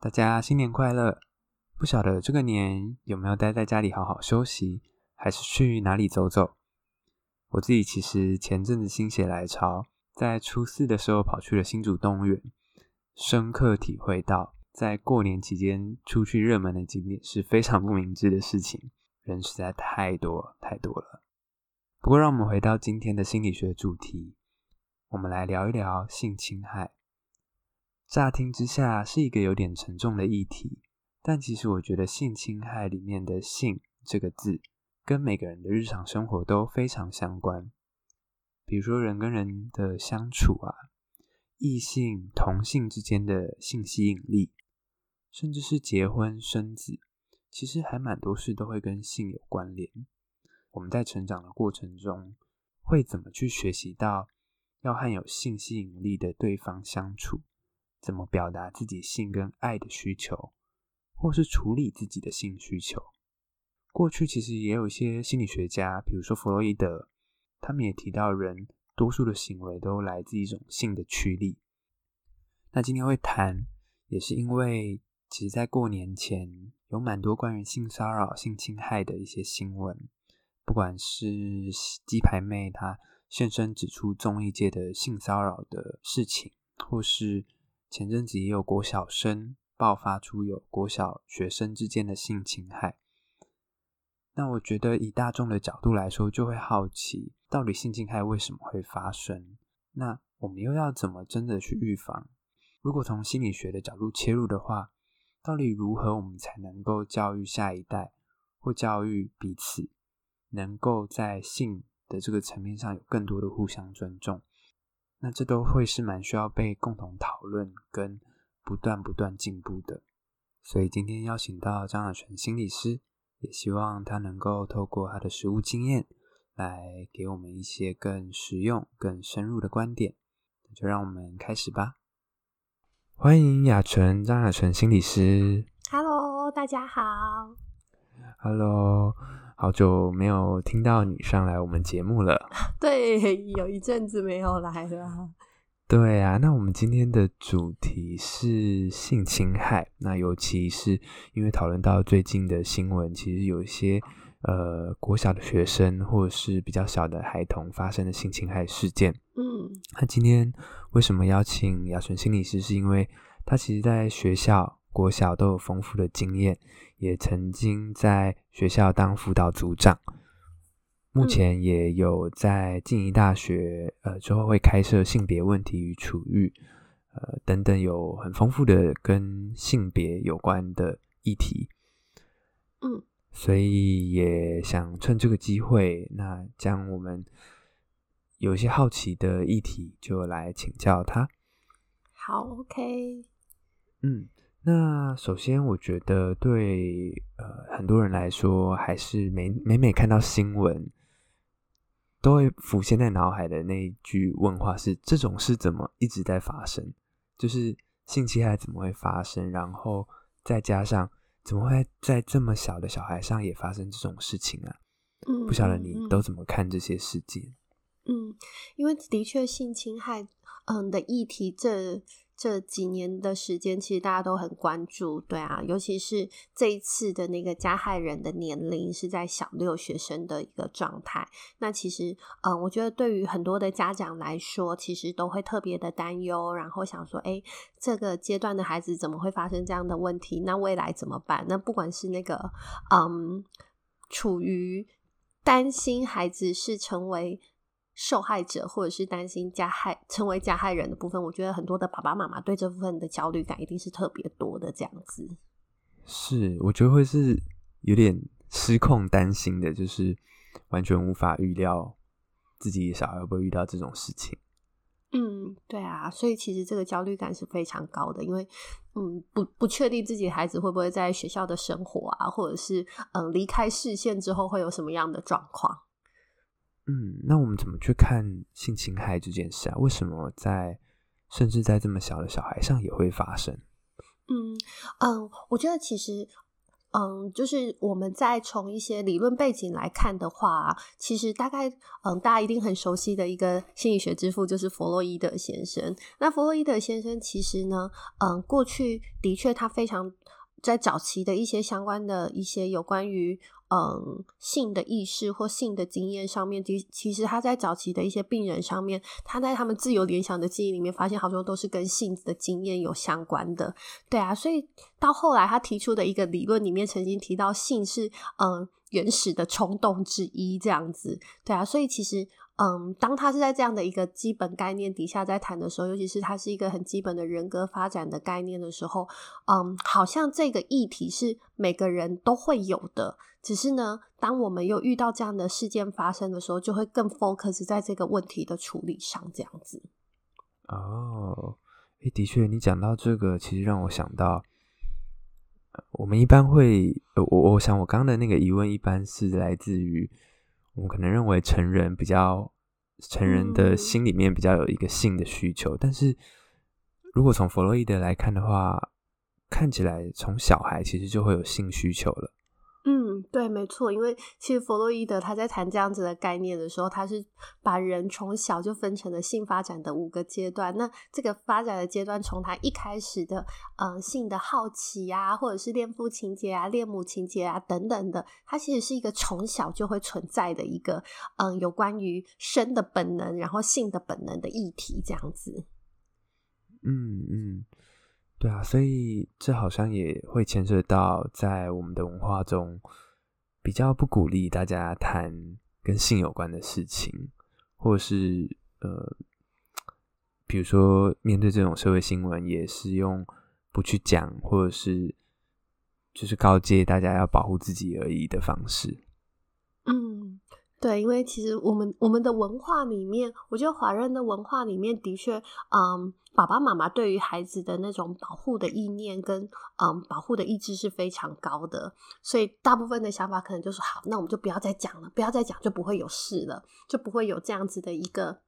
大家新年快樂！不曉得這個年有沒有待在家裡好好休息，還是去哪裡走走？我自己其實前陣子心血來潮，在初四的時候跑去了新竹動物園，深刻體會到在過年期間出去熱門的景點是非常不明智的事情，人實在太多太多了。不過，讓我們回到今天的心理學主題，我們來聊一聊性侵害。乍聽之下是一個有點沉重的議題，但其實我覺得性侵害裡面的“性”這個字，跟每個人的日常生活都非常相關。比如說人跟人的相處啊，異性、同性之間的性吸引力，甚至是結婚生子，其實還蠻多事都會跟性有關聯。我們在成長的過程中，會怎麼去學習到要和有性吸引力的對方相處？怎麼表達自己性跟愛的需求，或是處理自己的性需求？過去其實也有一些心理學家，比如說弗洛伊德，他們也提到人多數的行為都來自一種性的驅力。那今天會談也是因為，其實，在過年前有蠻多關於性騷擾、性侵害的一些新聞，不管是雞排妹她現身指出綜藝界的性騷擾的事情，或是前陣子也有國小生爆發出有國小學生之間的性侵害，那我覺得以大眾的角度來說，就會好奇到底性侵害為什麼會發生？那我們又要怎麼真的去預防？如果從心理學的角度切入的話，到底如何我們才能夠教育下一代或教育彼此，能夠在性的這個層面上有更多的互相尊重？那這都會是蠻需要被共同討論跟不斷不斷進步的，所以今天邀請到張雅淳心理師，也希望他能夠透過他的實務經驗來給我們一些更實用、更深入的觀點。那就讓我們開始吧。歡迎雅淳，張雅淳心理師。Hello，大家好。Hello。好久沒有聽到你上來我們節目了。對，有一陣子沒有來了。對啊，那我們今天的主題是性侵害。那尤其是因為討論到最近的新聞，其實有一些呃國小的學生或者是比較小的孩童發生的性侵害事件。嗯，那今天為什麼邀請雅淳心理師？是因為他其實在學校。國小都有豐富的經驗，也曾經在學校當輔導組長，目前也有在靜宜大學，嗯、呃，之後會開設性別問題與處遇，呃，等等有很豐富的跟性別有關的議題。嗯，所以也想趁這個機會，那將我們有些好奇的議題，就來請教他。好，OK，嗯。那首先，我覺得對、呃、很多人來說，還是每每每看到新聞，都會浮現在腦海的那一句問話是：這種事怎麼一直在發生？就是性侵害怎麼會發生？然後再加上怎麼會在這麼小的小孩上也發生這種事情啊？嗯，不曉得你都怎麼看這些事件？嗯，因為的確性侵害、呃、的議題這。這幾年的時間，其實大家都很關注，對啊，尤其是這一次的那個加害人的年齡是在小六學生的一個狀態。那其實，嗯，我覺得對於很多的家長來說，其實都會特別的擔憂，然後想說，誒，這個階段的孩子怎麼會發生這樣的問題？那未來怎麼辦？那不管是那個，嗯，處於擔心孩子是成為受害者，或者是擔心加害成為加害人的部分，我覺得很多的爸爸媽媽對這部分的焦慮感一定是特別多的這樣子。是，我覺得會是有點失控擔心的，就是完全無法預料自己小孩會不會遇到這種事情。嗯，對啊，所以其實這個焦慮感是非常高的，因為嗯，不不確定自己孩子會不會在學校的生活啊，或者是嗯離開視線之後會有什麼樣的狀況。嗯，那我們怎麼去看性侵害這件事啊？為什麼在甚至在這麼小的小孩上也會發生？嗯嗯，我覺得其實嗯，就是我們在從一些理論背景來看的話，其實大概嗯，大家一定很熟悉的一個心理學之父就是弗洛伊德先生。那弗洛伊德先生其實呢，嗯，過去的確他非常在早期的一些相關的一些有關於。嗯，性的意識或性的經驗上面，其其實他在早期的一些病人上面，他在他們自由聯想的記憶裡面，發現好多都是跟性的經驗有相關的，對啊，所以到後來他提出的一個理論裡面，曾經提到性是嗯原始的衝動之一，這樣子，對啊，所以其實。嗯，當他是在這樣的一個基本概念底下在談的時候，尤其是他是一個很基本的人格發展的概念的時候，嗯，好像這個議題是每個人都會有的。只是呢，當我們又遇到這樣的事件發生的時候，就會更 focus 在這個問題的處理上，這樣子。哦，哎，的確，你講到這個，其實讓我想到，我們一般會，我我想我剛剛的那個疑問，一般是來自於。我們可能認為成人比較，成人的心裡面比較有一個性的需求，但是如果從弗洛伊德來看的話，看起來從小孩其實就會有性需求了。嗯，對，沒錯，因為其實弗洛伊德他在談這樣子的概念的時候，他是把人從小就分成了性發展的五個階段。那這個發展的階段，從他一開始的，嗯，性的好奇呀、啊，或者是戀父情結啊、戀母情結啊等等的，它其實是一個從小就會存在的一個，嗯，有關於生的本能，然後性的本能的議題，這樣子。嗯嗯。嗯對啊，所以這好像也會牽涉到在我們的文化中比較不鼓勵大家談跟性有關的事情，或是呃，比如說面對這種社會新聞，也是用不去講，或者是就是告誡大家要保護自己而已的方式。對，因為其實我們我們的文化裡面，我覺得華人的文化裡面的確，嗯，爸爸媽媽對於孩子的那種保護的意念跟嗯保護的意志是非常高的，所以大部分的想法可能就是好，那我們就不要再講了，不要再講就不會有事了，就不會有這樣子的一個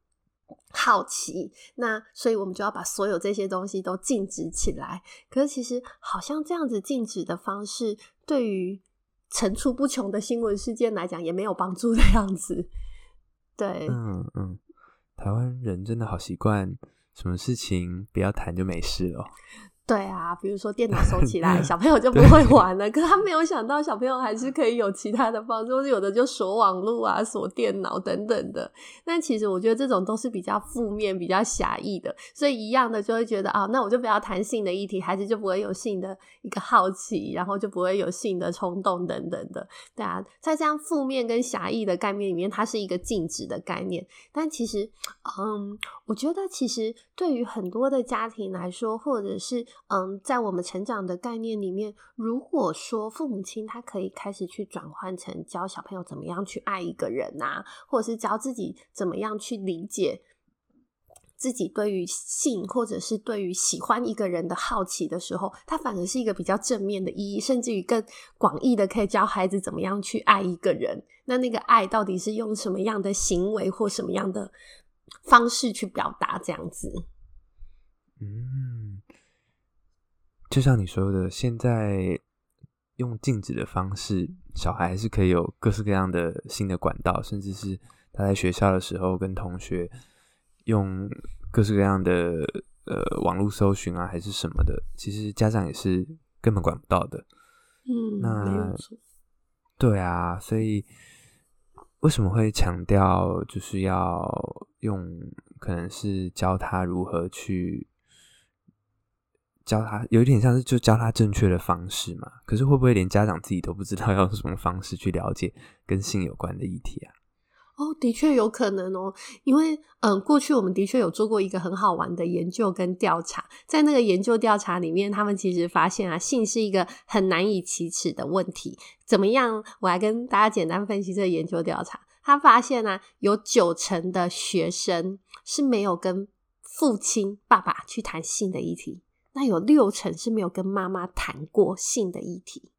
好奇，那所以我們就要把所有這些東西都禁止起來。可是其實好像這樣子禁止的方式對於。層出不窮的新聞事件來講，也沒有幫助的樣子。對，嗯嗯，台灣人真的好習慣，什麼事情不要談就沒事了。 對啊，比如說電腦收起來， 小朋友就不會玩了。對可他沒有想到，小朋友還是可以有其他的方式， 或者有的就鎖網絡啊，鎖電腦等等的。但其實我覺得這種都是比較負面、比較狹義的。所以一樣的，就會覺得啊、哦，那我就不要談性的議題，孩子就不會有性的一個好奇，然後就不會有性的衝動等等的。對啊，在這樣負面跟狹義的概念裡面，它是一個禁止的概念。但其實，嗯，我覺得其實對於很多的家庭來說，或者是嗯，在我們成長的概念裡面，如果說父母親他可以開始去轉換成教小朋友怎麼樣去愛一個人吶、啊，或者是教自己怎麼樣去理解自己對於性或者是對於喜歡一個人的好奇的時候，他反而是一個比較正面的意義，甚至於更廣義的，可以教孩子怎麼樣去愛一個人。那那個愛到底是用什麼樣的行為或什麼樣的方式去表達？這樣子，嗯。就像你說的，現在用禁止的方式，小孩還是可以有各式各樣的新的管道，甚至是他在學校的時候跟同學用各式各樣的呃網絡搜尋啊，還是什麼的，其實家長也是根本管不到的。嗯，那對啊，所以為什麼會強調就是要用，可能是教他如何去？教他有一點像是就教他正確的方式嘛？可是會不會連家長自己都不知道要用什麼方式去了解跟性有關的議題啊？哦，的確有可能哦，因為嗯、呃，過去我們的確有做過一個很好玩的研究跟調查，在那個研究調查裡面，他們其實發現啊，性是一個很難以啟齒的問題。怎麼樣？我來跟大家簡單分析這個研究調查，他發現呢、啊，有九成的學生是沒有跟父親、爸爸去談性的議題。那有六成是沒有跟媽媽談過性的議題，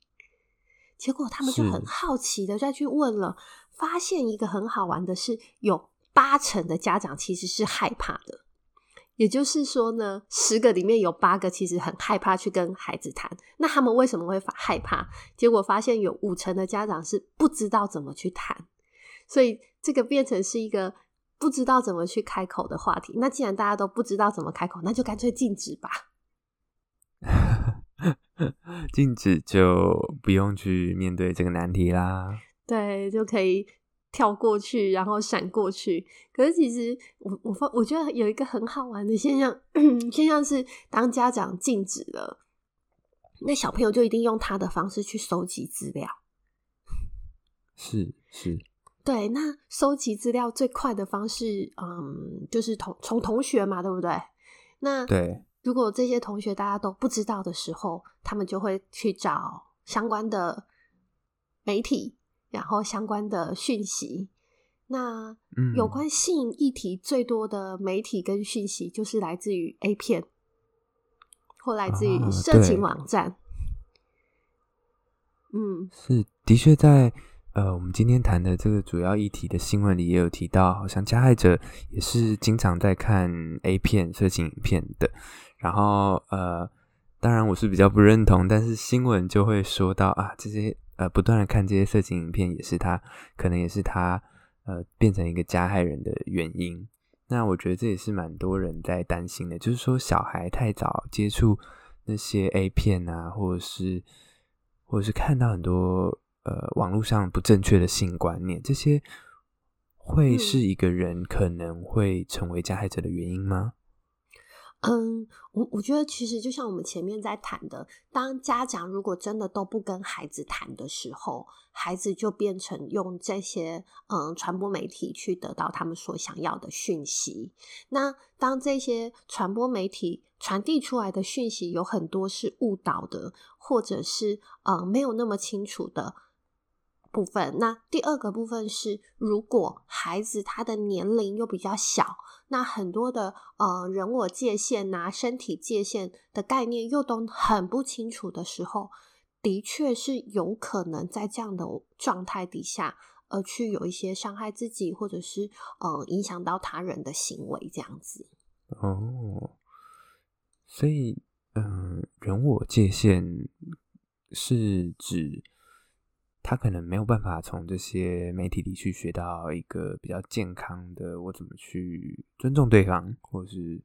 結果他們就很好奇的再去問了，是發現一個很好玩的是，有八成的家長其實是害怕的，也就是說呢，十個裡面有八個其實很害怕去跟孩子談。那他們為什麼會發害怕？結果發現有五成的家長是不知道怎麼去談，所以這個變成是一個不知道怎麼去開口的話題。那既然大家都不知道怎麼開口，那就乾脆禁止吧。 禁止就不用去面對這個難題啦，對，就可以跳過去，然後閃過去。可是其實我我發我覺得有一個很好玩的現象，現象是當家長禁止了，那小朋友就一定用他的方式去收集資料。是是，是對，那收集資料最快的方式，嗯，就是從，從同學嘛，對不對？那對。如果這些同學大家都不知道的時候，他們就會去找相關的媒體，然後相關的訊息。那有關性議題最多的媒體跟訊息，就是來自於 A 片，或來自於色情網站。啊、嗯，是的確在。呃，我們今天談的這個主要議題的新聞裡也有提到，好像加害者也是經常在看 A 片色情影片的。然後呃，當然我是比較不認同，但是新聞就會說到啊，這些呃不斷的看這些色情影片，也是他可能也是他呃變成一個加害人的原因。那我覺得這也是蠻多人在擔心的，就是說小孩太早接觸那些 A 片啊，或者是或者是看到很多。呃，網絡上不正確的性觀念，這些會是一個人可能會成為加害者的原因嗎？嗯，我我覺得其實就像我們前面在談的，當家長如果真的都不跟孩子談的時候，孩子就變成用這些嗯傳播媒體去得到他們所想要的訊息。那當這些傳播媒體傳遞出來的訊息有很多是誤導的，或者是呃、嗯、沒有那麼清楚的。部分。那第二個部分是，如果孩子他的年齡又比較小，那很多的呃人我界限吶、啊、身體界限的概念又都很不清楚的時候，的確是有可能在這樣的狀態底下，呃，去有一些傷害自己或者是呃影響到他人的行為這樣子。哦，所以嗯、呃，人我界限是指。他可能沒有辦法從這些媒體裡去學到一個比較健康的，我怎麼去尊重對方，或是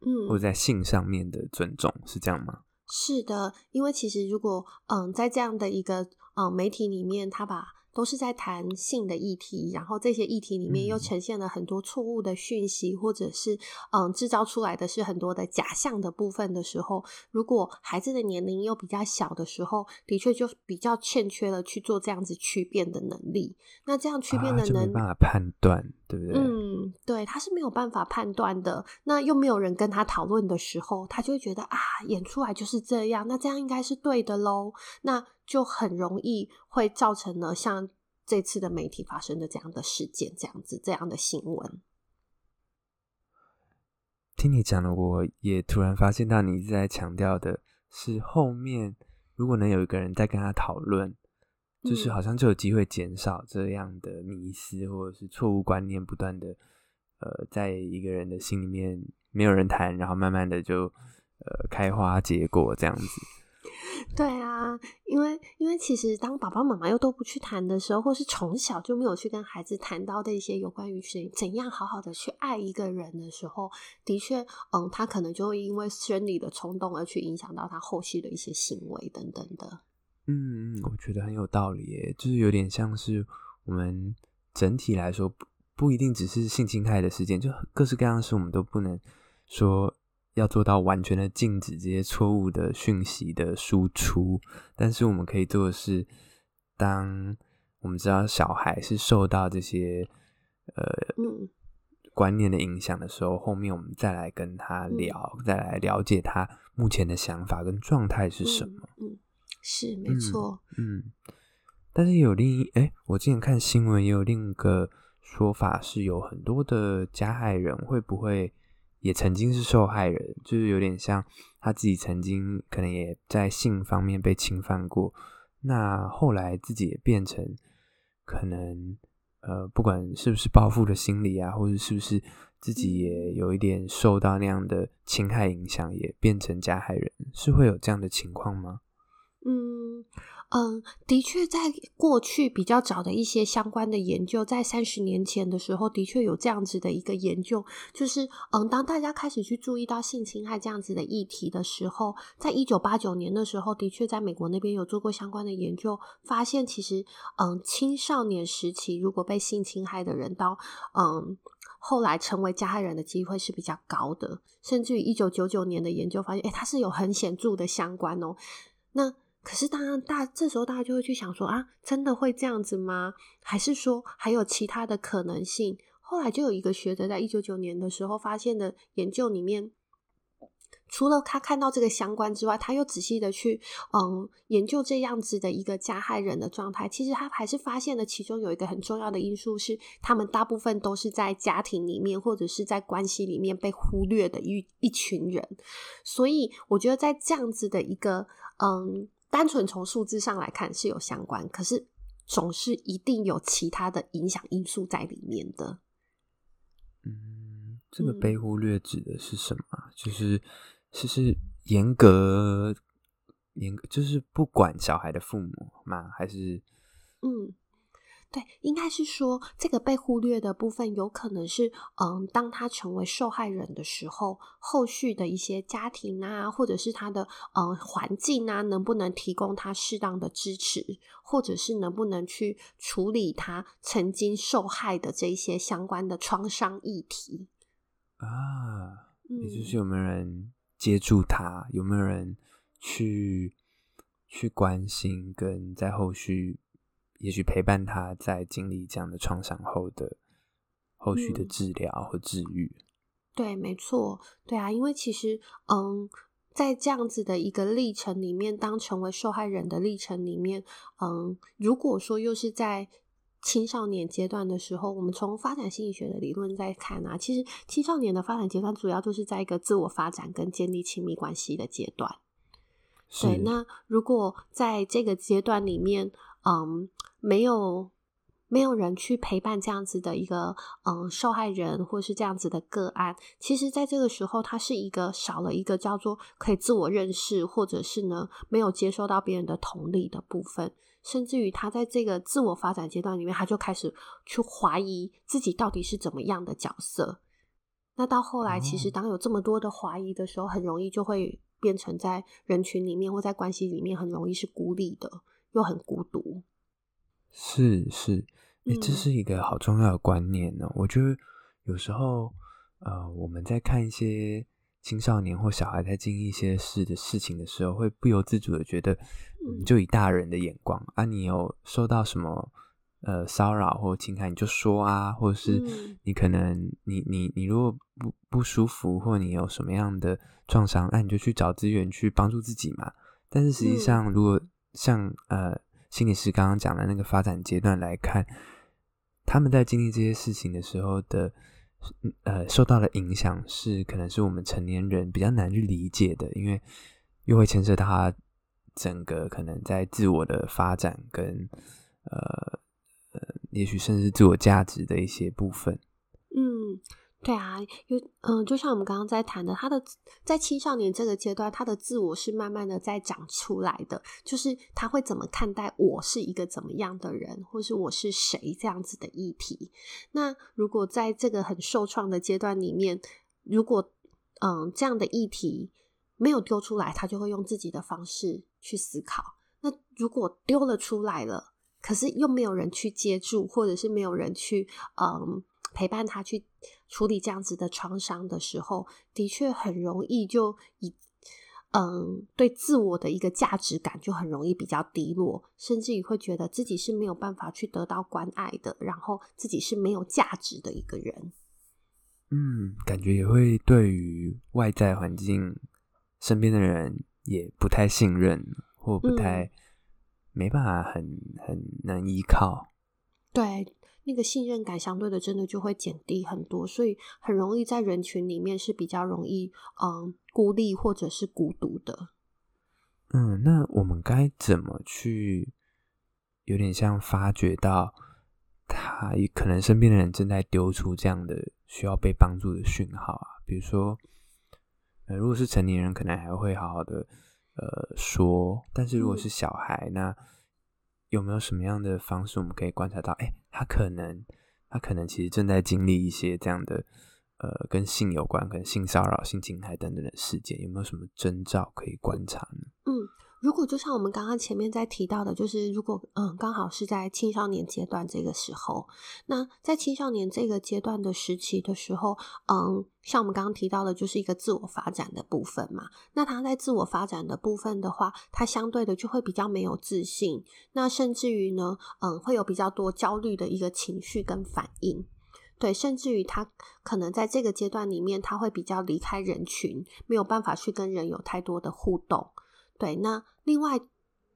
嗯，或者在性上面的尊重，是這樣嗎？是的，因為其實如果嗯，在這樣的一個嗯媒體裡面，他把。都是在談性的議題，然後這些議題裡面又呈現了很多錯誤的訊息，嗯、或者是嗯，製造出來的是很多的假象的部分的時候，如果孩子的年齡又比較小的時候，的確就比較欠缺了去做這樣子區辨的能力。那這樣區辨的能力，他、啊、沒辦法判斷，對不對？嗯，對，他是沒有辦法判斷的。那又沒有人跟他討論的時候，他就會覺得啊，演出來就是這樣，那這樣應該是對的嘍。那就很容易會造成呢，像這次的媒體發生的這樣的事件，這樣子這樣的新聞。聽你講的，我也突然發現到，你一直在強調的是，後面如果能有一個人在跟他討論，嗯、就是好像就有機會減少這樣的迷思或者是錯誤觀念不斷的，呃，在一個人的心裡面沒有人談，然後慢慢的就呃開花結果這樣子。 對啊，因為因為其實當爸爸媽媽又都不去談的時候，或是從小就沒有去跟孩子談到的一些有關於怎怎樣好好的去愛一個人的時候，的確，嗯，他可能就會因為生理的衝動而去影響到他後續的一些行為等等的。嗯，我覺得很有道理耶，就是有點像是我們整體來說不，不一定只是性侵害的事件，就各式各樣的事，我們都不能說。要做到完全的禁止這些錯誤的訊息的輸出，但是我們可以做的是，當我們知道小孩是受到這些呃、嗯、觀念的影響的時候，後面我們再來跟他聊，嗯、再來了解他目前的想法跟狀態是什麼。嗯，嗯，是沒錯、嗯。嗯，但是有另一哎、欸，我之前看新聞也有另一個說法，是有很多的加害人會不會？也曾經是受害人，就是有點像他自己曾經可能也在性方面被侵犯過。那後來自己也變成可能呃，不管是不是報復的心理啊，或者是不是自己也有一點受到那樣的侵害影響，也變成加害人，是會有這樣的情況嗎？嗯。嗯，的確，在過去比較早的一些相關的研究，在三十年前的時候，的確有這樣子的一個研究，就是，嗯，當大家開始去注意到性侵害這樣子的議題的時候，在一九八九年的時候，的確在美國那邊有做過相關的研究，發現其實，嗯，青少年時期如果被性侵害的人到，到嗯，後來成為加害人的機會是比較高的，甚至於一九九九年的研究發現，欸，它是有很顯著的相關喔，那。可是，當然，大這時候大家就會去想說啊，真的會這樣子嗎？還是說還有其他的可能性？後來就有一個學者在一九九年的時候發現了研究裡面，除了他看到這個相關之外，他又仔細的去嗯研究這樣子的一個加害人的狀態。其實他還是發現了其中有一個很重要的因素是，他們大部分都是在家庭裡面或者是在關係裡面被忽略的一一群人。所以，我覺得在這樣子的一個嗯。單純從數字上來看是有相關，可是總是一定有其他的影響因素在裡面的。嗯，這個被忽略指的是什麼？嗯、就是，就是嚴格，嚴格就是不管小孩的父母嗎？還是嗯。對，應該是說這個被忽略的部分，有可能是，嗯，當他成為受害人的時候，後續的一些家庭啊，或者是他的嗯環境啊，能不能提供他適當的支持，或者是能不能去處理他曾經受害的這些相關的創傷議題啊？也就是有沒有人接觸他，嗯、有沒有人去去關心，跟在後續。也許陪伴他在經歷這樣的創傷後的後續的治療和治癒。嗯，對，沒錯，對啊，因為其實，嗯，在這樣子的一個歷程裡面，當成為受害人的歷程裡面，嗯，如果說又是在青少年階段的時候，我們從發展心理學的理論在看啊，其實青少年的發展階段主要就是在一個自我發展跟建立親密關係的階段。是對，那如果在這個階段裡面，嗯，沒有沒有人去陪伴這樣子的一個嗯受害人，或者是這樣子的個案。其實，在這個時候，他是一個少了一個叫做可以自我認識，或者是呢沒有接受到別人的同理的部分，甚至於他在這個自我發展階段裡面，他就開始去懷疑自己到底是怎麼樣的角色。那到後來，其實當有這麼多的懷疑的時候，很容易就會變成在人群裡面或在關係裡面，很容易是孤立的。又很孤獨，是是、欸，這是一個好重要的觀念呢、喔。嗯、我覺得有時候，呃，我們在看一些青少年或小孩在經歷一些事的事情的時候，會不由自主的覺得，嗯、就以大人的眼光、嗯、啊，你有受到什麼呃騷擾或侵害，你就說啊，或者是你可能你、嗯、你你如果不不舒服，或者你有什麼樣的創傷，那、啊、你就去找資源去幫助自己嘛。但是實際上，嗯、如果像呃，心理師剛剛講的那個發展階段來看，他們在經歷這些事情的時候的，呃，受到的影響是，可能是我們成年人比較難去理解的，因為又會牽涉到他整個可能在自我的發展跟呃呃，也許甚至自我價值的一些部分。嗯。對啊，因為嗯，就像我們剛剛在談的，他的在青少年這個階段，他的自我是慢慢的在長出來的，就是他會怎麼看待我是一個怎麼樣的人，或是我是誰這樣子的議題。那如果在這個很受創的階段裡面，如果嗯這樣的議題沒有丟出來，他就會用自己的方式去思考。那如果丟了出來了，可是又沒有人去接住，或者是沒有人去嗯。陪伴他去處理這樣子的創傷的時候，的確很容易就以嗯，對自我的一個價值感就很容易比較低落，甚至於會覺得自己是沒有辦法去得到關愛的，然後自己是沒有價值的一個人。嗯，感覺也會對於外在環境、身邊的人也不太信任，或不太、嗯、沒辦法很很能依靠。對，那個信任感相對的，真的就會減低很多，所以很容易在人群裡面是比較容易，嗯、呃，孤立或者是孤獨的。嗯，那我們該怎麼去，有點像發覺到他，可能身邊的人正在丟出這樣的需要被幫助的訊號啊？比如說，呃，如果是成年人，可能還會好好的，呃，說；但是如果是小孩，嗯、那。有沒有什麼樣的方式，我們可以觀察到？哎、欸，他可能，他可能其實正在經歷一些這樣的，呃，跟性有關，可能性騷擾、性侵害等等的事件，有沒有什麼徵兆可以觀察呢？嗯。如果就像我們剛剛前面在提到的，就是如果嗯，剛好是在青少年階段這個時候，那在青少年這個階段的時期的時候，嗯，像我們剛剛提到的，就是一個自我發展的部分嘛。那他在自我發展的部分的話，他相對的就會比較沒有自信，那甚至於呢，嗯，會有比較多焦慮的一個情緒跟反應。對，甚至於他可能在這個階段裡面，他會比較離開人群，沒有辦法去跟人有太多的互動。對，那另外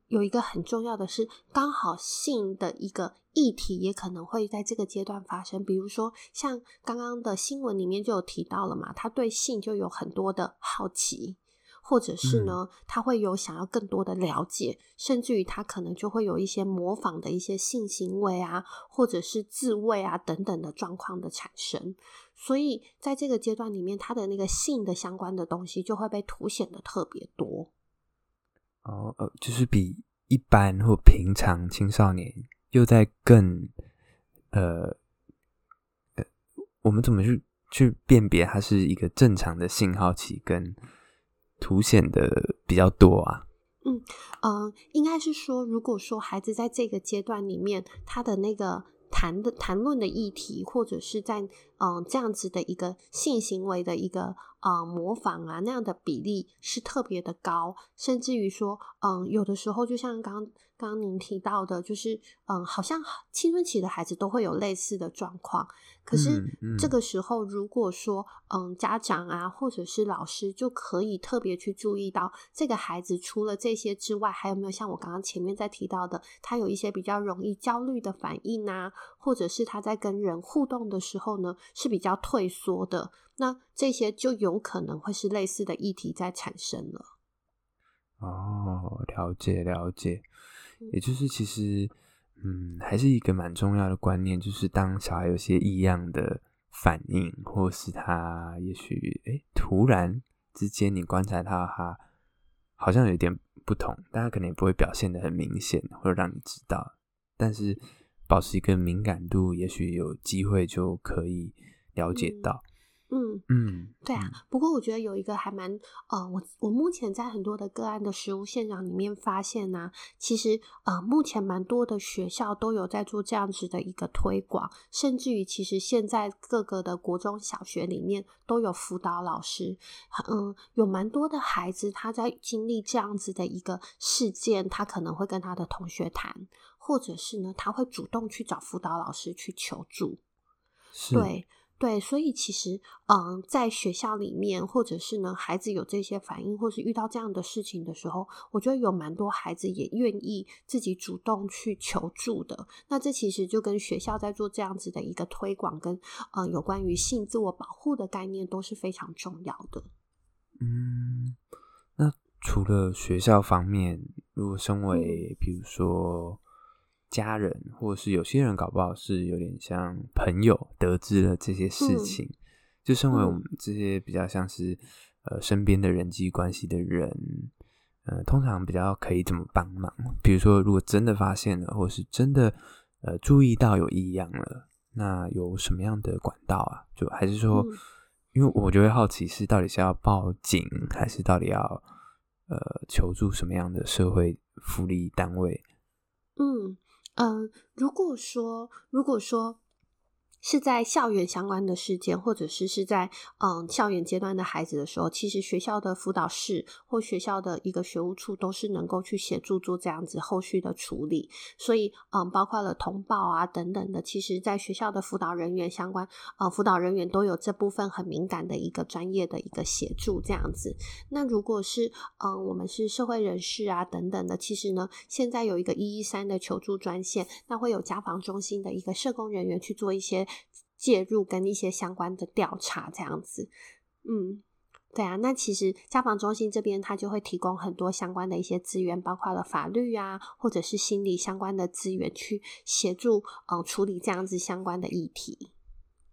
有一個很重要的是，剛好性的一個議題也可能會在這個階段發生，比如說像剛剛的新聞裡面就有提到了嘛，他對性就有很多的好奇，或者是呢，他會有想要更多的了解，嗯、甚至於他可能就會有一些模仿的一些性行為啊，或者是自慰啊等等的狀況的產生，所以在這個階段裡面，他的那個性的相關的東西就會被凸顯的特別多。哦，oh, 呃，就是比一般或平常青少年又再更呃，呃，我們怎麼去去辨別它是一個正常的信號期跟凸顯的比較多啊？嗯，呃，應該是說，如果說孩子在這個階段裡面，他的那個談的談論的議題，或者是在。嗯，這樣子的一個性行為的一個嗯模仿啊，那樣的比例是特別的高，甚至於說，嗯，有的時候就像剛剛您提到的，就是嗯，好像青春期的孩子都會有類似的狀況。可是這個時候，如果說嗯，家長啊或者是老師就可以特別去注意到這個孩子除了這些之外，還有沒有像我剛剛前面在提到的，他有一些比較容易焦慮的反應吶、啊，或者是他在跟人互動的時候呢？是比較退縮的，那這些就有可能會是類似的議題在產生了。哦，了解了解，也就是其實，嗯，還是一個蠻重要的觀念，就是當小孩有些異樣的反應，或是他也許、欸、突然之間你觀察他，他好像有點不同，大家可能也不會表現得很明顯，或者讓你知道，但是。保持一個敏感度，也許有機會就可以了解到。嗯嗯，嗯嗯對啊。不過我覺得有一個還蠻、呃……我我目前在很多的個案的實務現場裡面發現呢、啊，其實、呃、目前蠻多的學校都有在做這樣子的一個推廣，甚至於其實現在各個的國中小學裡面都有輔導老師，嗯、呃，有蠻多的孩子他在經歷這樣子的一個事件，他可能會跟他的同學談。或者是呢，他會主動去找輔導老師去求助，是對對，所以其實，嗯、呃，在學校裡面，或者是呢，孩子有這些反應，或是遇到這樣的事情的時候，我覺得有蠻多孩子也願意自己主動去求助的。那這其實就跟學校在做這樣子的一個推廣，跟、呃、嗯，有關於性自我保護的概念都是非常重要的。嗯，那除了學校方面，如果身為比如說，家人，或者是有些人搞不好是有點像朋友，得知了這些事情，嗯嗯、就身為我們這些比較像是呃身邊的人際關係的人，呃，通常比較可以怎麼幫忙？比如說，如果真的發現了，或是真的呃注意到有異樣了，那有什麼樣的管道啊？就還是說，嗯、因為我就會好奇是到底是要報警，還是到底要呃求助什麼樣的社會福利單位？嗯。嗯，uh, 如果說，如果說，是在校園相關的事件，或者是是在嗯校園階段的孩子的時候，其實學校的輔導室或學校的一個學務處都是能夠去協助做這樣子後續的處理。所以，嗯，包括了通報啊等等的，其實在學校的輔導人員相關呃、嗯、輔導人員都有這部分很敏感的一個專業的一個協助這樣子。那如果是嗯我們是社會人士啊等等的，其實呢現在有一個一一三的求助專線，那會有家防中心的一個社工人員去做一些。介入跟一些相關的調查這樣子，嗯，對啊，那其實家防中心這邊他就會提供很多相關的一些資源，包括了法律啊，或者是心理相關的資源去，去協助嗯處理這樣子相關的議題。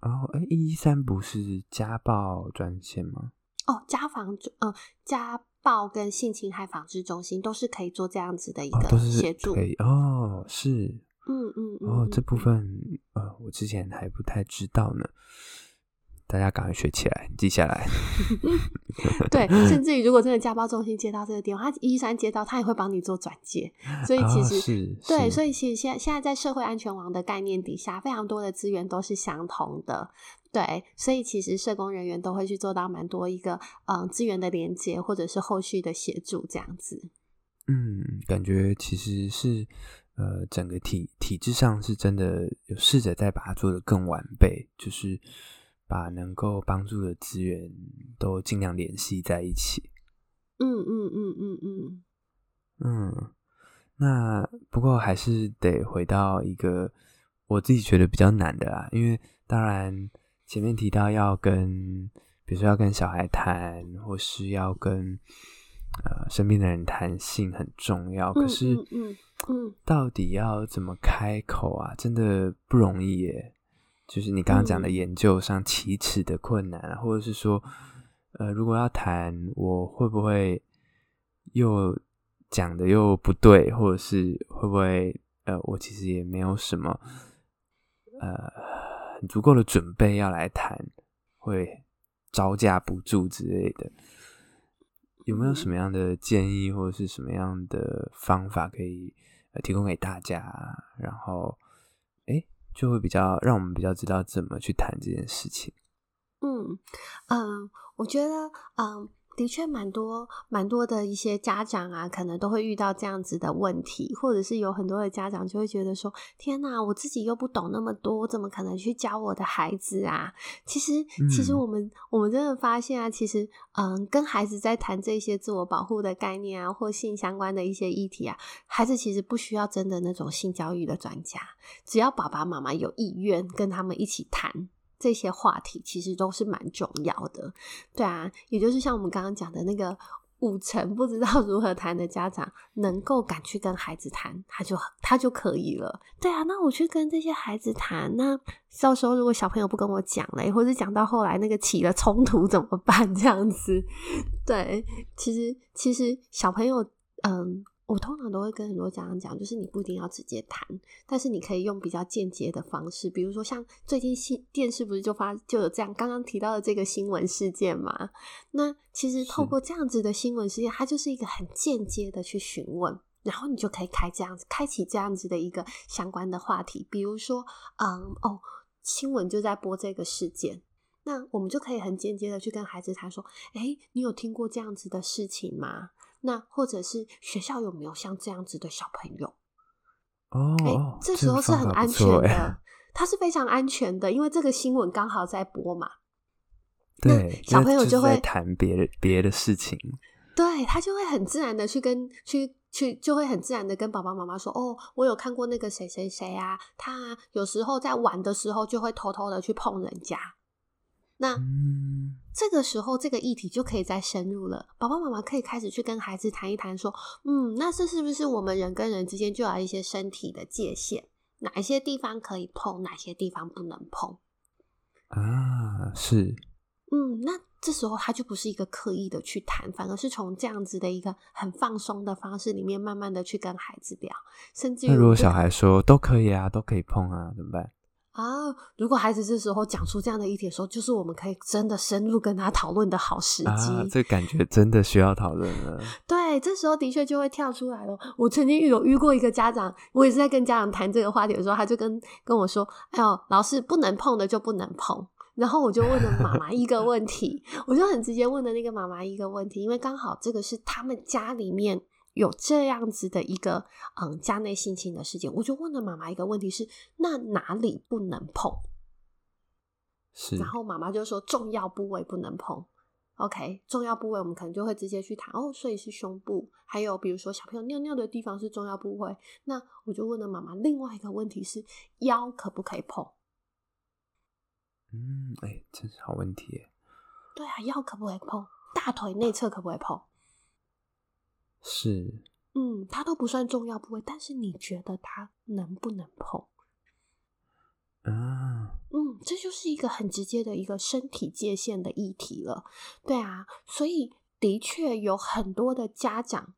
哦，哎、欸，113不是家暴專線嗎？哦，家防，中、呃、家暴跟性侵害防治中心都是可以做這樣子的一個協助哦，哦，是。嗯嗯哦，嗯這部分呃，我之前還不太知道呢，大家趕快學起來，記下來。對，甚至於如果真的家暴中心接到這個電話，他依山接到，他也會幫你做轉接。所以其實、哦、是對，是所以其實現在現在在社會安全網的概念底下，非常多的資源都是相同的。對，所以其實社工人員都會去做到蠻多一個嗯資源的連接，或者是後續的協助這樣子。嗯，感覺其實是。呃，整個體體制上是真的有試着在把它做得更完備，就是把能夠幫助的資源都盡量聯繫在一起。嗯嗯嗯嗯嗯嗯。那不過還是得回到一個我自己覺得比較難的啦，因為當然前面提到要跟，比如說要跟小孩談，或是要跟呃身邊的人談性很重要，可是嗯。嗯嗯嗯，到底要怎麼開口啊？真的不容易耶。就是你剛剛講的研究上啟齒的困難，或者是說，呃，如果要談，我會不會又講的又不對，或者是會不會，呃，我其實也沒有什麼，呃，很足夠的準備要來談，會招架不住之類的。有沒有什麼樣的建議，或者是什麼樣的方法可以提供給大家？然後，誒、欸，就會比較讓我們比較知道怎麼去談這件事情。嗯嗯、呃，我覺得嗯。呃的確，蠻多蠻多的一些家長啊，可能都會遇到這樣子的問題，或者是有很多的家長就會覺得說：“天哪，我自己又不懂那麼多，我怎麼可能去教我的孩子啊？”其實，其實我們我們真的發現啊，其實，嗯，跟孩子在談這些自我保護的概念啊，或性相關的一些議題啊，孩子其實不需要真的那種性教育的專家，只要爸爸媽媽有意願跟他們一起談。這些話題其實都是蠻重要的，對啊，也就是像我們剛剛講的那個五成不知道如何談的家長，能夠敢去跟孩子談，他就他就可以了，對啊。那我去跟這些孩子談，那到時候如果小朋友不跟我講嘞，或者講到後來那個起了衝突怎麼辦？這樣子，對，其實其實小朋友嗯。我通常都會跟很多家長講，就是你不一定要直接談，但是你可以用比較間接的方式，比如說像最近新電視不是就發就有這樣剛剛提到的這個新聞事件嘛？那其實透過這樣子的新聞事件，是它就是一個很間接的去詢問，然後你就可以開這樣子開啟這樣子的一個相關的話題，比如說嗯哦新聞就在播這個事件，那我們就可以很間接的去跟孩子談說，哎、欸，你有聽過這樣子的事情嗎？那或者是學校有沒有像這樣子的小朋友？哦、oh, 欸，這時候是很安全的，他是非常安全的，因為這個新聞剛好在播嘛。對，小朋友就會就談別別的事情。對，他就會很自然的去跟去去，就會很自然的跟爸爸媽媽說：“哦，我有看過那個誰誰誰啊，他啊有時候在玩的時候就會偷偷的去碰人家。”那嗯。這個時候，這個議題就可以再深入了。爸爸媽媽可以開始去跟孩子談一談，說，嗯，那這是不是我們人跟人之間就有一些身體的界限？哪一些地方可以碰？哪些地方不能碰？啊，是。嗯，那這時候他就不是一個刻意的去談，反而是從這樣子的一個很放鬆的方式裡面，慢慢的去跟孩子聊。甚至於那如果小孩說都可以啊，都可以碰啊，怎麼辦？啊，如果孩子這時候講出這樣的議題的時候，說就是我們可以真的深入跟他討論的好時機。啊，這個、感覺真的需要討論了。 對，這時候的確就會跳出來了。我曾經有遇過一個家長，我也是在跟家長談這個話題的時候，他就跟跟我說：“哎呦，老師不能碰的就不能碰。”然後我就問了媽媽一個問題， 我就很直接問了那個媽媽一個問題，因為剛好這個是他們家裡面。有這樣子的一個嗯家內性侵的事件，我就問了媽媽一個問題是：那哪裡不能碰？是，然後媽媽就說重要部位不能碰。OK，重要部位我們可能就會直接去談哦，所以是胸部，還有比如說小朋友尿尿的地方是重要部位。那我就問了媽媽另外一個問題是：腰可不可以碰？嗯，哎、欸，真是好問題耶。對啊，腰可不可以碰？大腿內側可不可以碰？是，嗯，它都不算重要部位，但是你覺得它能不能碰？啊，嗯，這就是一個很直接的一個身體界限的議題了，對啊，所以的確有很多的家長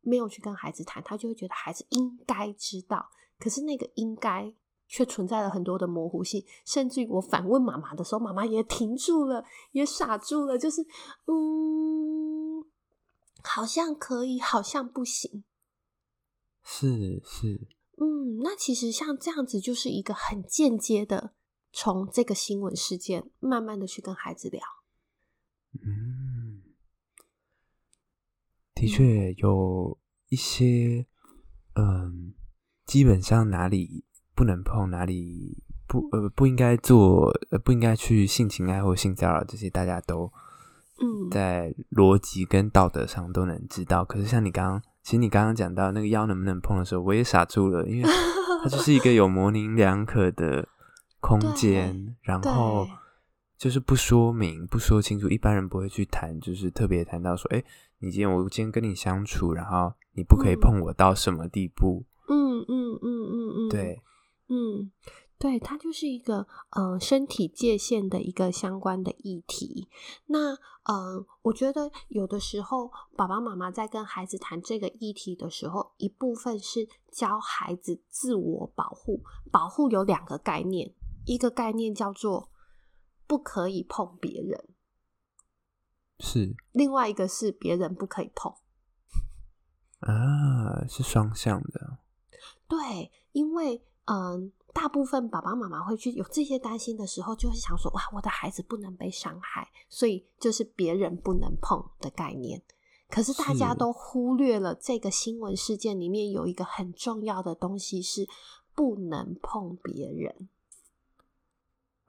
沒有去跟孩子談，他就會覺得孩子應該知道，可是那個應該卻存在了很多的模糊性，甚至於我反問媽媽的時候，媽媽也停住了，也傻住了，就是嗯。好像可以，好像不行。是是，是，嗯，那其實像這樣子，就是一個很間接的，從這個新聞事件慢慢的去跟孩子聊。嗯，的確有一些，嗯、嗯，基本上哪裡不能碰，哪裡不呃不應該做，呃不應該去性侵害或性騷擾這些，大家都。嗯，在邏輯跟道德上都能知道，可是像你剛剛，其實你剛剛講到那個腰能不能碰的時候，我也傻住了，因為它就是一個有模稜兩可的空間，然後就是不說明、不說清楚，一般人不會去談，就是特別談到說，誒，你今天我今天跟你相處，然後你不可以碰我到什麼地步？嗯嗯嗯嗯嗯，對，嗯。嗯嗯對嗯對，它就是一個呃身體界限的一個相關的議題。那嗯、呃，我覺得有的時候爸爸媽媽在跟孩子談這個議題的時候，一部分是教孩子自我保護，保護有兩個概念，一個概念叫做不可以碰別人，是；另外一個是別人不可以碰，啊，是雙向的。對，因為嗯。呃大部分爸爸媽媽會去有這些擔心的時候，就會想說：“哇，我的孩子不能被傷害，所以就是別人不能碰的概念。”可是大家都忽略了這個新聞事件裡面有一個很重要的東西是不能碰別人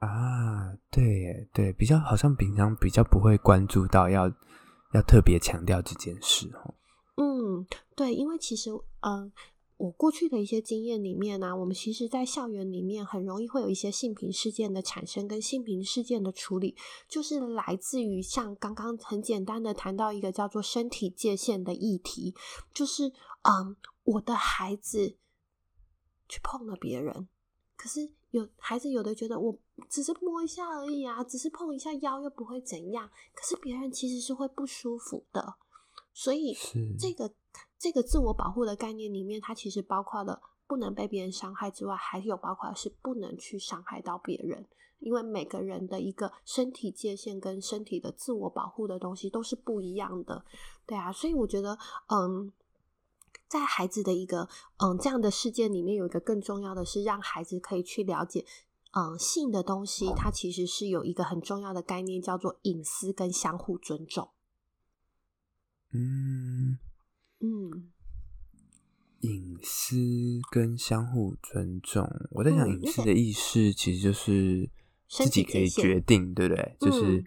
啊！對對，比較好像平常比較不會關注到要要特別強調這件事哦。嗯，對，因為其實嗯。我過去的一些經驗裡面呢、啊，我們其實在校園裡面很容易會有一些性平事件的產生，跟性平事件的處理，就是來自於像剛剛很簡單的談到一個叫做身體界限的議題，就是嗯，我的孩子去碰了別人，可是有孩子有的覺得我只是摸一下而已啊，只是碰一下腰又不會怎樣，可是別人其實是會不舒服的，所以這個。這個自我保護的概念裡面，它其實包括了不能被別人傷害之外，還有包括是不能去傷害到別人，因為每個人的一個身體界限跟身體的自我保護的東西都是不一樣的，對啊，所以我覺得，嗯，在孩子的一個嗯這樣的世界裡面，有一個更重要的是讓孩子可以去了解，嗯，性的東西它其實是有一個很重要的概念叫做隱私跟相互尊重，嗯。嗯，隱私跟相互尊重，我在想隱私的意思其實就是自己可以決定，對不對？就是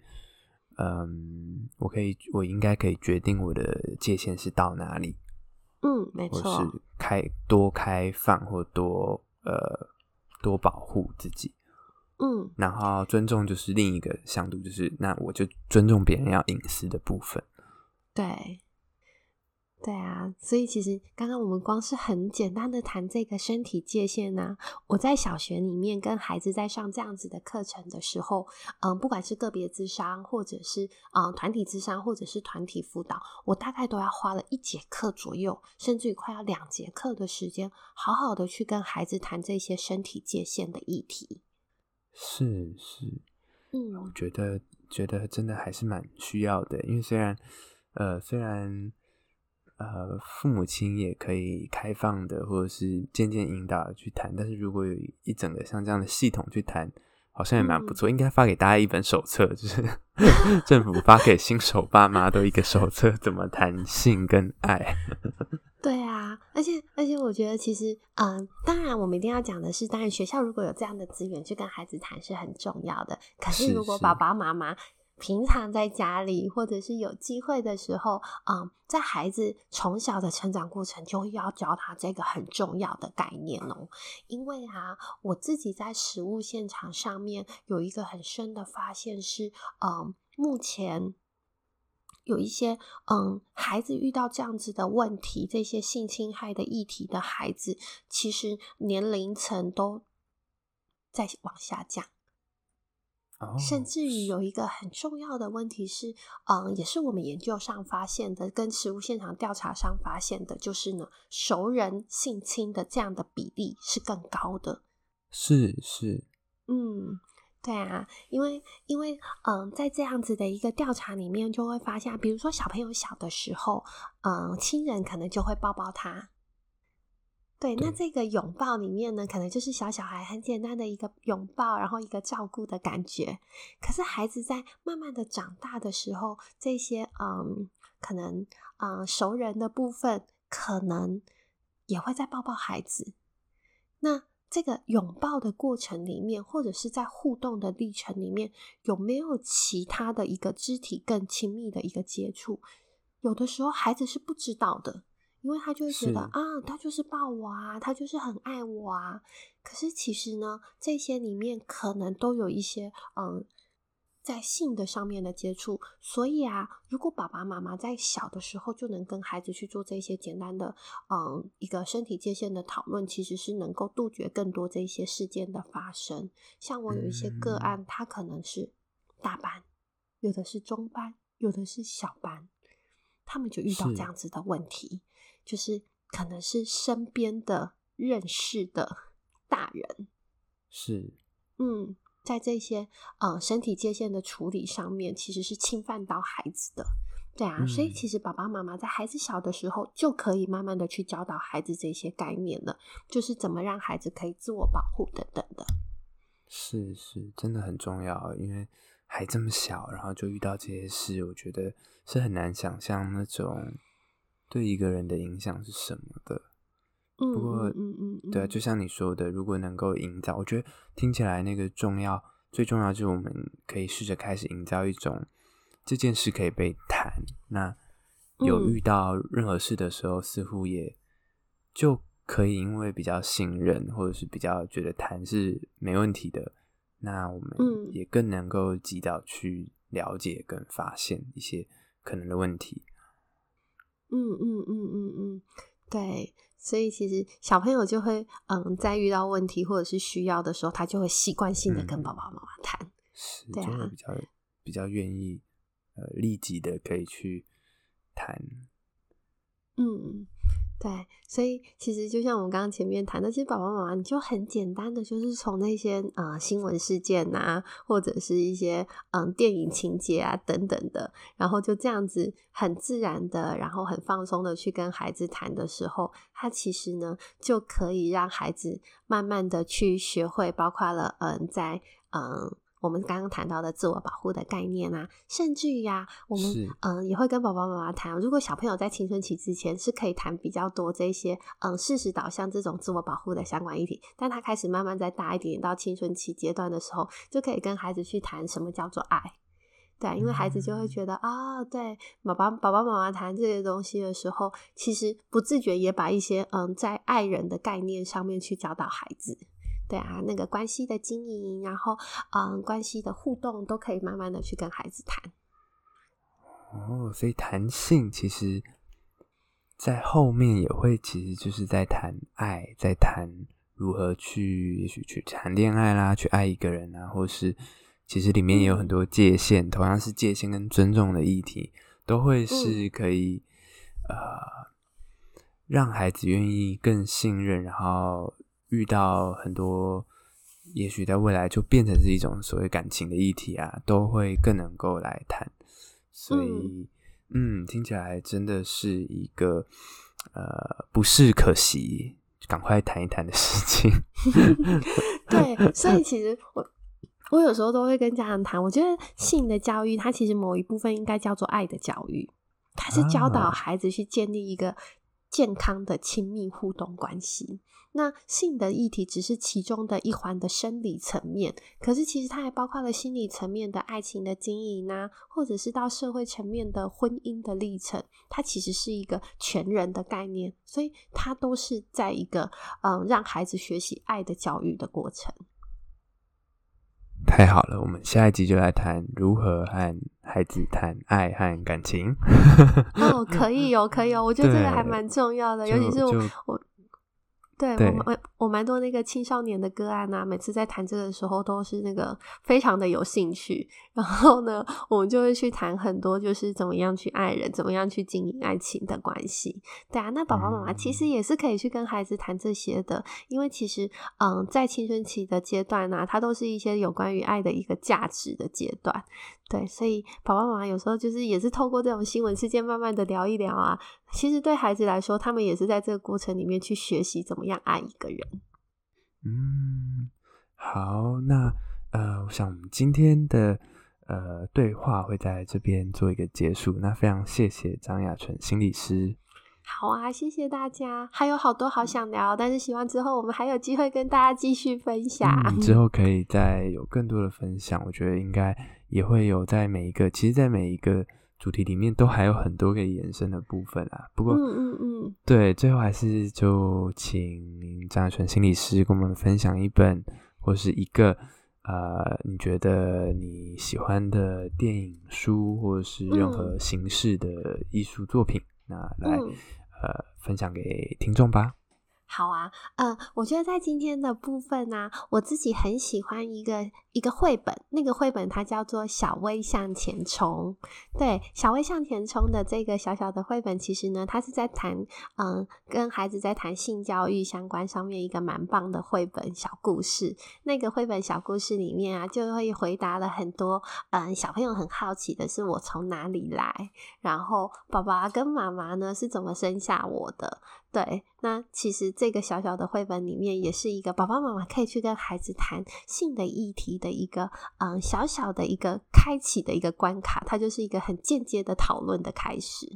嗯，嗯，我可以，我應該可以決定我的界限是到哪裡？嗯，沒錯，或是開多開放或多呃多保護自己。嗯，然後尊重就是另一個向度，就是那我就尊重別人要隱私的部分。對。對啊，所以其實剛剛我們光是很簡單的談這個身體界限呢、啊。我在小學裡面跟孩子在上這樣子的課程的時候，嗯、呃，不管是個別諮商，或者是啊、呃、團體諮商，或者是團體輔導，我大概都要花了一節課左右，甚至於快要兩節課的時間，好好的去跟孩子談這些身體界限的議題。是是，是嗯，我覺得覺得真的還是蠻需要的，因為雖然呃雖然。呃，父母親也可以開放的，或者是漸漸引導去談。但是如果有一整個像這樣的系統去談，好像也蠻不錯。嗯、應該發給大家一本手冊，就是 政府發給新手爸媽都一個手冊，怎麼談性跟愛。對啊，而且而且，我覺得其實，嗯、呃，當然我們一定要講的是，當然學校如果有這樣的資源去跟孩子談是很重要的。可是如果爸爸媽媽。是是平常在家裡，或者是有機會的時候，嗯，在孩子從小的成長過程，就要教他這個很重要的概念哦，因為啊，我自己在實務現場上面有一個很深的發現是，嗯，目前有一些嗯孩子遇到這樣子的問題，這些性侵害的議題的孩子，其實年齡層都在往下降。甚至於有一個很重要的問題是，嗯，也是我們研究上發現的，跟實務現場調查上發現的，就是呢，熟人性侵的這樣的比例是更高的。是是，是嗯，對啊，因為因為嗯，在這樣子的一個調查裡面，就會發現，比如說小朋友小的時候，嗯，親人可能就會抱抱他。對，那這個擁抱裡面呢，可能就是小小孩很簡單的一個擁抱，然後一個照顧的感覺。可是孩子在慢慢的長大的時候，這些嗯，可能嗯熟人的部分，可能也會再抱抱孩子。那這個擁抱的過程裡面，或者是在互動的歷程裡面，有沒有其他的一個肢體更親密的一個接觸？有的時候孩子是不知道的。因為他就會覺得是啊，他就是抱我啊，他就是很愛我啊。可是其實呢，這些裡面可能都有一些嗯，在性的上面的接觸。所以啊，如果爸爸媽媽在小的時候就能跟孩子去做這些簡單的嗯一個身體界限的討論，其實是能夠杜絕更多這些事件的發生。像我有一些個案，嗯、他可能是大班，有的是中班，有的是小班，他們就遇到這樣子的問題。就是可能是身邊的認識的大人是，嗯，在這些呃身體界限的處理上面，其實是侵犯到孩子的，對啊。嗯，所以其實爸爸媽媽在孩子小的時候就可以慢慢的去教導孩子這些概念了，就是怎麼讓孩子可以自我保護等等的。是是，真的很重要，因為孩子這麼小，然後就遇到這些事，我覺得是很難想象那種。對一個人的影響是什麼的？不過對啊，對，就像你說的，如果能夠營造，我覺得聽起來那個重要，最重要就是我們可以試着開始營造一種這件事可以被談。那有遇到任何事的時候，似乎也就可以因為比較信任，或者是比較覺得談是沒問題的，那我們也更能夠及早去了解跟發現一些可能的問題。嗯嗯嗯嗯嗯，對，所以其實小朋友就會，嗯，在遇到問題或者是需要的時候，他就會習慣性的跟爸爸媽媽談，嗯、是，對啊，比較比較願意，呃，立即的可以去談，嗯。對，所以其實就像我們剛剛前面談的，其實爸爸媽媽你就很簡單的，就是從那些呃新聞事件啊，或者是一些嗯電影情節啊等等的，然後就這樣子很自然的，然後很放鬆的去跟孩子談的時候，他其實呢就可以讓孩子慢慢的去學會，包括了嗯在嗯。在嗯我們剛剛談到的自我保護的概念啊，甚至呀、啊，我們是嗯也會跟爸爸媽媽談。如果小朋友在青春期之前是可以談比較多這些嗯事實導向這種自我保護的相關議題，但他開始慢慢再大一點到青春期階段的時候，就可以跟孩子去談什麼叫做愛。對、啊，因為孩子就會覺得啊、嗯哦，對，爸爸爸爸媽媽談這些東西的時候，其實不自覺也把一些嗯在愛人的概念上面去教導孩子。對啊，那個關係的經營，然後嗯，關係的互動都可以慢慢的去跟孩子談。哦，所以談性其實，在後面也會，其實就是在談愛，在談如何去，也許去談戀愛啦，去愛一個人啊，或是其實裡面也有很多界限，同樣是界限跟尊重的議題，都會是可以、嗯、呃，讓孩子願意更信任，然後。遇到很多，也許在未來就變成是一種所謂感情的議題啊，都會更能夠來談。所以，嗯，嗯，聽起來真的是一個呃，不是可惜，趕快談一談的事情。 對，所以其實我我有時候都會跟家長談，我覺得性的教育它其實某一部分應該叫做愛的教育，它是教導孩子去建立一個健康的親密互動關係。那性的議題只是其中的一環的生理層面，可是其實它還包括了心理層面的愛情的經營吶、啊，或者是到社會層面的婚姻的歷程，它其實是一個全人的概念，所以它都是在一個嗯、呃、讓孩子學習愛的教育的過程。太好了，我們下一集就來談如何和孩子談愛和感情。 哦，可以有、哦，可以有、哦，我覺得這個還蠻重要的，啊、尤其是我。對，我蠻我蠻多那個青少年的個案吶、啊，每次在談這個的時候，都是那個非常的有興趣。然後呢，我們就會去談很多，就是怎麼樣去愛人，怎麼樣去經營愛情的關係。對啊，那爸爸媽媽其實也是可以去跟孩子談這些的，嗯、因為其實嗯，在青春期的階段呢、啊，它都是一些有關於愛的一個價值的階段。對，所以爸爸媽媽有時候就是也是透過這種新聞事件，慢慢的聊一聊啊。其實對孩子來說，他們也是在這個過程裡面去學習怎麼樣愛一個人。嗯，好，那呃，我想我們今天的呃對話會在這邊做一個結束。那非常謝謝張雅淳心理師。好啊，謝謝大家，還有好多好想聊，但是希望之後，我們還有機會跟大家繼續分享、嗯。之後可以再有更多的分享，我覺得應該也會有在每一個，其實，在每一個。主題裡面都還有很多可以延伸的部分啊，不過，嗯嗯對，最後還是就請張雅淳心理師跟我們分享一本或是一個呃，你覺得你喜歡的電影、書或者是任何形式的藝術作品，嗯、那來呃分享給聽眾吧。好啊，嗯，我覺得在今天的部分呢、啊，我自己很喜歡一個一個繪本，那個繪本它叫做《小威向前衝》。對，《小威向前衝》的這個小小的繪本，其實呢，它是在談，嗯，跟孩子在談性教育相關上面一個蠻棒的繪本小故事。那個繪本小故事裡面啊，就會回答了很多，嗯，小朋友很好奇的是我從哪裡來，然後爸爸跟媽媽呢是怎麼生下我的。對，那其實這個小小的繪本裡面也是一個爸爸媽媽可以去跟孩子談性的議題的一個嗯、呃、小小的一個開啟的一個關卡，它就是一個很間接的討論的開始。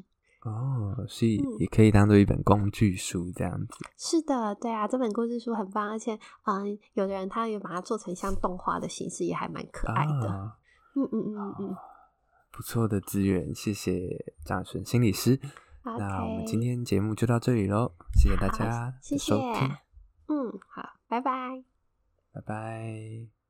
哦，所以也可以當做一本工具書、嗯、這樣子。是的，對啊，這本工具書很棒，而且嗯、呃，有的人他也把它做成像動畫的形式，也還蠻可愛的。啊、嗯嗯嗯嗯、哦，不錯的資源，謝謝張雅淳心理師。那我們今天節目就到這裡嘍，謝謝大家的收聽，嗯，好，拜拜，拜拜。